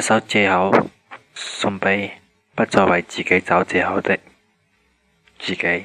一首借口，送俾不再為自己找借口的自己。